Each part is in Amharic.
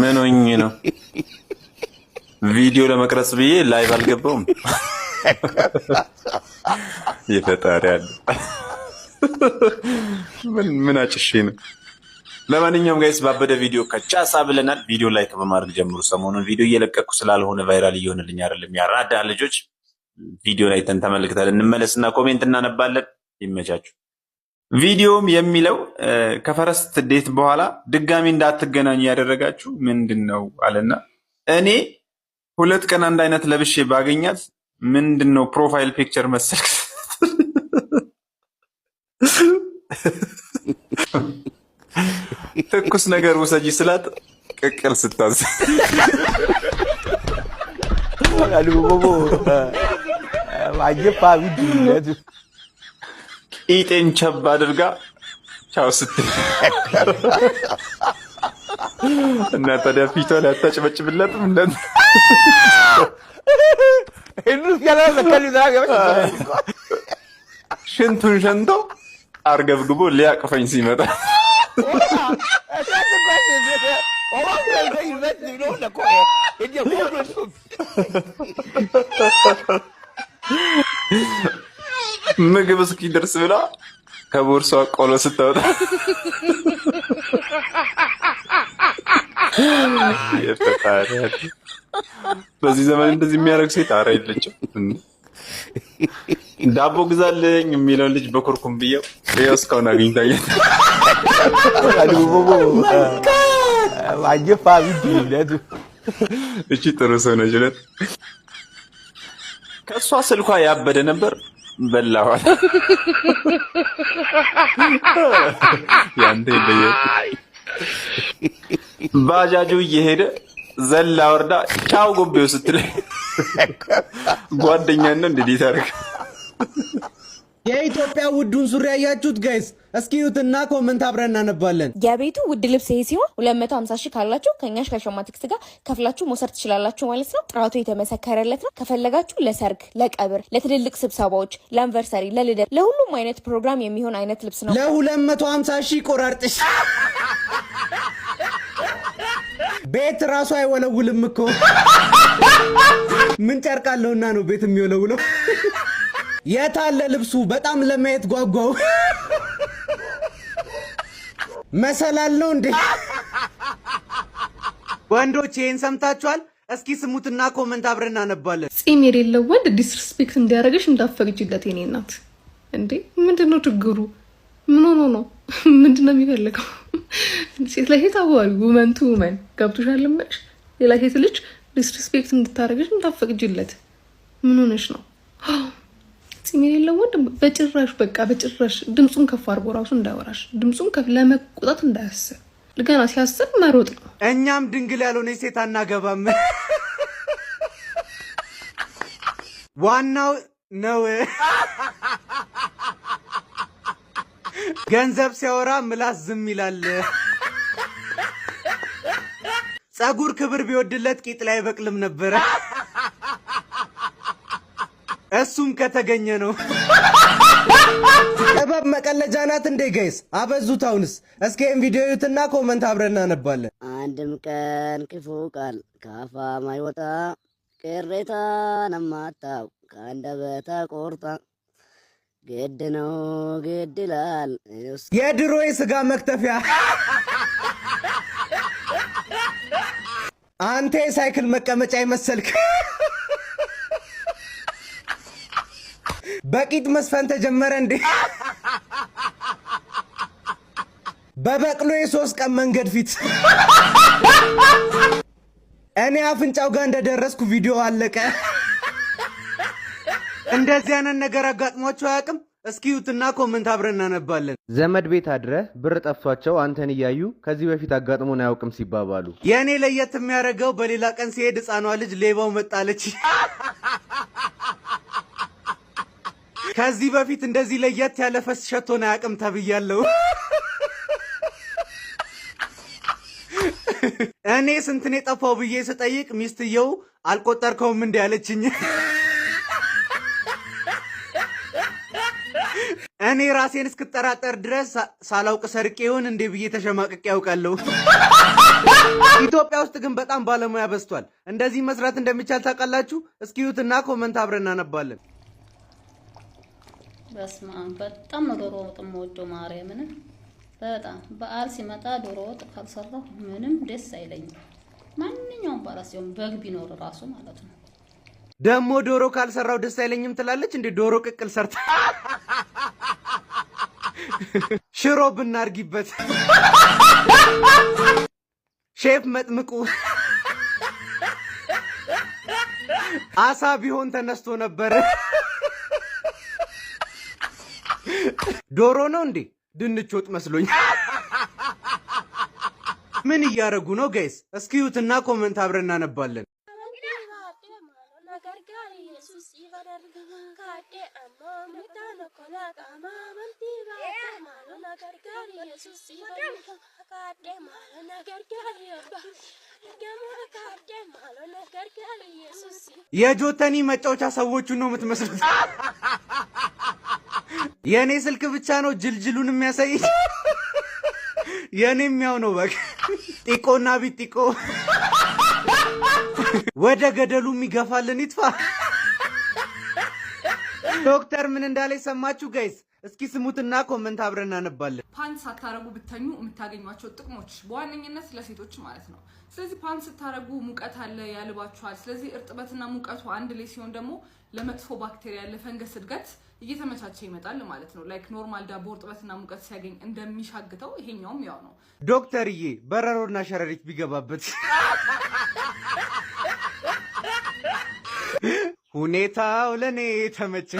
ምን ሆኜ ነው ቪዲዮ ለመቅረጽ ብዬ ላይቭ አልገባውም። የፈጣሪ አለ ምን ምን አጭሼ ነው። ለማንኛውም ጋይስ ባበደ ቪዲዮ ከጫሳ ብለናል። ቪዲዮ ላይክ በማድረግ ጀምሩ። ሰሞኑን ቪዲዮ እየለቀቅኩ ስላልሆነ ቫይራል እየሆነልኝ አይደለም። ያራዳ ልጆች ቪዲዮ ላይ ተመልክተን እንመለስና ኮሜንት እናነባለን። ይመቻችሁ። ቪዲዮም የሚለው ከፈረስት ዴት በኋላ ድጋሚ እንዳትገናኙ ያደረጋችሁ ምንድን ነው አለና እኔ ሁለት ቀን አንድ አይነት ለብሼ ባገኛት ምንድን ነው ፕሮፋይል ፒክቸር መሰል ትኩስ ነገር ውሰጂ ስላት ቅቅል ስታዝ አሉ ቦቦ አየፋ ኢጤን ቸብ አድርጋ ቻው ስትል እና ታዲያ ፊቷ ላይ አታጭበጭብላትም? እንደት ሽንቱን ሸንቶ አርገብግቦ ሊያቅፈኝ ሲመጣ ምግብ እስኪደርስ ብላ ከቦርሷ ቆሎ ስታወጣ በዚህ ዘመን እንደዚህ የሚያደርግ ሴት አረ የለችም። ዳቦ ግዛልኝ የሚለውን ልጅ በኩርኩም ብየው ይኸው እስካሁን አግኝታየት እቺ ጥሩ ሰው ነች። ከእሷ ስልኳ ያበደ ነበር። በላኋል። ያንተ ባጃጁ እየሄደ ዘላ ወርዳ ቻው ጎቤው ስትለኝ ጓደኛና እንዴት ታደርግ የኢትዮጵያ ውዱን ሱሪ ያያችሁት ጋይስ? እስኪ ዩትና ኮመንት አብረን እናነባለን። የቤቱ ውድ ልብስ ይሄ ሲሆን 250 ሺህ ካላችሁ ከኛሽ ከሸማቲክስ ጋር ከፍላችሁ መውሰድ ትችላላችሁ ማለት ነው። ጥራቱ የተመሰከረለት ነው። ከፈለጋችሁ ለሰርግ፣ ለቀብር፣ ለትልልቅ ስብሰባዎች፣ ለአንቨርሰሪ፣ ለልደት፣ ለሁሉም አይነት ፕሮግራም የሚሆን አይነት ልብስ ነው። ለ250 ሺህ ቆራርጥሽ ቤት ራሱ አይወለውልም እኮ ምን ጨርቃለሁና ነው ቤት የሚወለውለው? የታለ ልብሱ? በጣም ለማየት ጓጓው። መሰላል ነው እንዴ? ወንዶች ይህን ሰምታችኋል? እስኪ ስሙትና ኮመንት አብረን እናነባለን። ፂም የሌለው ወንድ ዲስሪስፔክት እንዲያደርግሽ እንዳፈግጅለት የኔ እናት። እንዴ ምንድን ነው ችግሩ? ምን ሆኖ ነው? ምንድን ነው የሚፈልገው? ሴት ለሴት አዋሪ ውመን ቱ ውመን ገብቶሻል። ልመሽ ሌላ ሴት ልጅ ዲስሪስፔክት እንድታደርግሽ እንዳፈቅጅለት ምን ሆነሽ ነው? ፂም የሌለው ወንድ በጭራሽ በቃ በጭራሽ ድምፁን ከፍ አድርጎ ራሱ እንዳወራሽ ድምፁን ከፍ ለመቆጣት እንዳያስብ ገና ሲያስብ መሮጥ ነው። እኛም ድንግል ያልሆነ ሴት አናገባም። ዋናው ነው ገንዘብ ሲያወራ ምላስ ዝም ይላል። ጸጉር ክብር ቢወድለት ቂጥ ላይ አይበቅልም ነበረ። እሱም ከተገኘ ነው። እባብ መቀለጃ ናት እንዴ ጋይስ? አበዙት። አሁንስ እስኪ ይህን ቪዲዮ ኮመንት አብረን እናነባለን። አንድም ቀን ክፉ ቃል ካፋ ማይወጣ ቅሬታ ነማታው በታ ቆርጣ ግድ ነው ግድ ይላል። የድሮ የስጋ መክተፊያ አንተ የሳይክል መቀመጫ ይመሰልክ በቂጥ መስፈን ተጀመረ እንዴ? በበቅሎ የሶስት ቀን መንገድ ፊት እኔ አፍንጫው ጋር እንደደረስኩ ቪዲዮ አለቀ። እንደዚህ አይነት ነገር አጋጥሟቸው አያውቅም። እስኪ ኮመንት አብረን እናነባለን። ዘመድ ቤት አድረ ብር ጠፍቷቸው አንተን እያዩ ከዚህ በፊት አጋጥሞን አያውቅም ሲባባሉ የእኔ ለየት የሚያደርገው በሌላ ቀን ሲሄድ ህፃኗ ልጅ ሌባው መጣለች ከዚህ በፊት እንደዚህ ለየት ያለ ፈስ ሸቶን አያውቅም ተብያለሁ። እኔ ስንትን የጠፋው ብዬ ስጠይቅ ሚስትየው አልቆጠርከውም እንዲ ያለችኝ። እኔ ራሴን እስክጠራጠር ድረስ ሳላውቅ ሰርቄውን እንዴ ብዬ ተሸማቅቅ ያውቃለሁ። ኢትዮጵያ ውስጥ ግን በጣም ባለሙያ በዝቷል። እንደዚህ መስራት እንደሚቻል ታውቃላችሁ? እስኪዩትና ኮመንት አብረን እናነባለን። በስማ በጣም ነው ዶሮ ወጥ የምወደው ማርያምን በጣም በዓል ሲመጣ ዶሮ ወጥ ካልሰራሁ ምንም ደስ አይለኝም። ማንኛውም በዓል ሲሆን በግ ቢኖር ራሱ ማለት ነው። ደግሞ ዶሮ ካልሰራው ደስ አይለኝም ትላለች። እንደ ዶሮ ቅቅል ሰርታ ሽሮ ብናርጊበት ሼፍ መጥምቁ አሳ ቢሆን ተነስቶ ነበር። ዶሮ ነው እንዴ? ድንች ወጥ መስሎኝ። ምን እያደረጉ ነው ጋይስ? እስኪ ኮመንት አብረን እናነባለን። የጆተኒ መጫወቻ ሰዎቹን ነው የምትመስሉት። የእኔ ስልክ ብቻ ነው ጅልጅሉን የሚያሳይ። የኔ የሚያው ነው በቃ ጢቆና ቢጢቆ ወደ ገደሉ የሚገፋልን ይጥፋ። ዶክተር ምን እንዳለ ሰማችሁ ጋይስ? እስኪ ስሙትና ኮመንት አብረን እናነባለን። ፓንት ሳታረጉ ብተኙ የምታገኟቸው ጥቅሞች በዋነኝነት ለሴቶች ማለት ነው። ስለዚህ ፓንት ስታረጉ ሙቀት አለ ያልባችኋል። ስለዚህ እርጥበትና ሙቀቱ አንድ ላይ ሲሆን ደግሞ ለመጥፎ ባክቴሪያ ለፈንገስ እድገት እየተመቻቸ ይመጣል ማለት ነው። ላይክ ኖርማል ዳቦ እርጥበትና ሙቀት ሲያገኝ እንደሚሻግተው ይሄኛውም ያው ነው። ዶክተርዬ በረሮና ሸረሪት ቢገባበት ሁኔታው ለእኔ ተመቸ።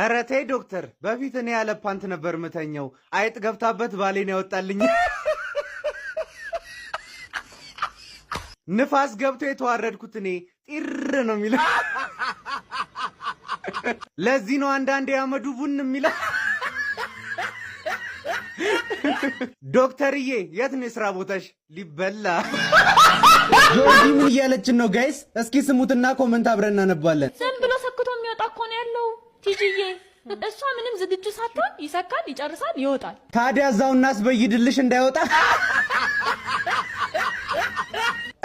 ኧረ ተይ ዶክተር፣ በፊት እኔ ያለ ፓንት ነበር ምተኛው። አይጥ ገብታበት ባሌን ያወጣልኝ። ንፋስ ገብቶ የተዋረድኩት እኔ ጢር ነው የሚለው ለዚህ ነው አንዳንዴ ያመዱ ቡን የሚለው። ዶክተርዬ የት ነው የስራ ቦታሽ? ሊበላ ጆርጂ ምን እያለችን ነው ጋይስ? እስኪ ስሙትና ኮመንት አብረን እናነባለን። ዝም ብሎ ሰክቶ የሚወጣ እኮ ነው ያለው ቲጂዬ። እሷ ምንም ዝግጁ ሳትሆን ይሰካል፣ ይጨርሳል፣ ይወጣል። ታዲያ እዛው እናስበይድልሽ እንዳይወጣ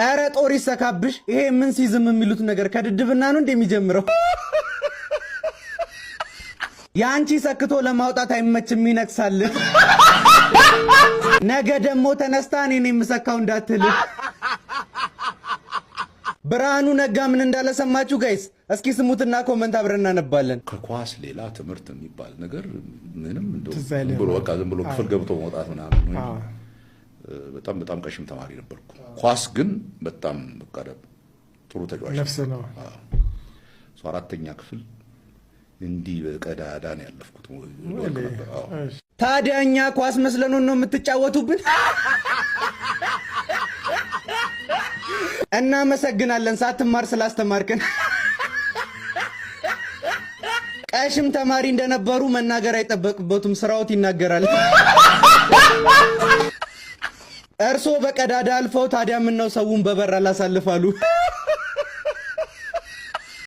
ኧረ ጦር ይሰካብሽ። ይሄ ምን ሲዝም የሚሉት ነገር ከድድብና ነው እንደሚጀምረው የአንቺ ሰክቶ ለማውጣት አይመችም፣ ይነክሳል። ነገ ደግሞ ተነስታ እኔን የምሰካው እንዳትል። ብርሃኑ ነጋ ምን እንዳለሰማችሁ ጋይስ? እስኪ ስሙትና ኮመንት አብረን እናነባለን። ከኳስ ሌላ ትምህርት የሚባል ነገር ምንም በቃ ዝም ብሎ ክፍል ገብቶ መውጣት ምናምን። በጣም በጣም ቀሽም ተማሪ ነበርኩ። ኳስ ግን በጣም ጥሩ ተጫዋች ነው። አራተኛ ክፍል እንዲህ በቀዳዳ ነው ያለፍኩት። ታዲያ እኛ ኳስ መስለኑን ነው የምትጫወቱብን? እናመሰግናለን ሳትማር ስላስተማርክን። ቀሽም ተማሪ እንደነበሩ መናገር አይጠበቅበቱም፣ ስራዎት ይናገራል። እርስዎ በቀዳዳ አልፈው ታዲያ ምነው ሰውን በበር አላሳልፋሉ?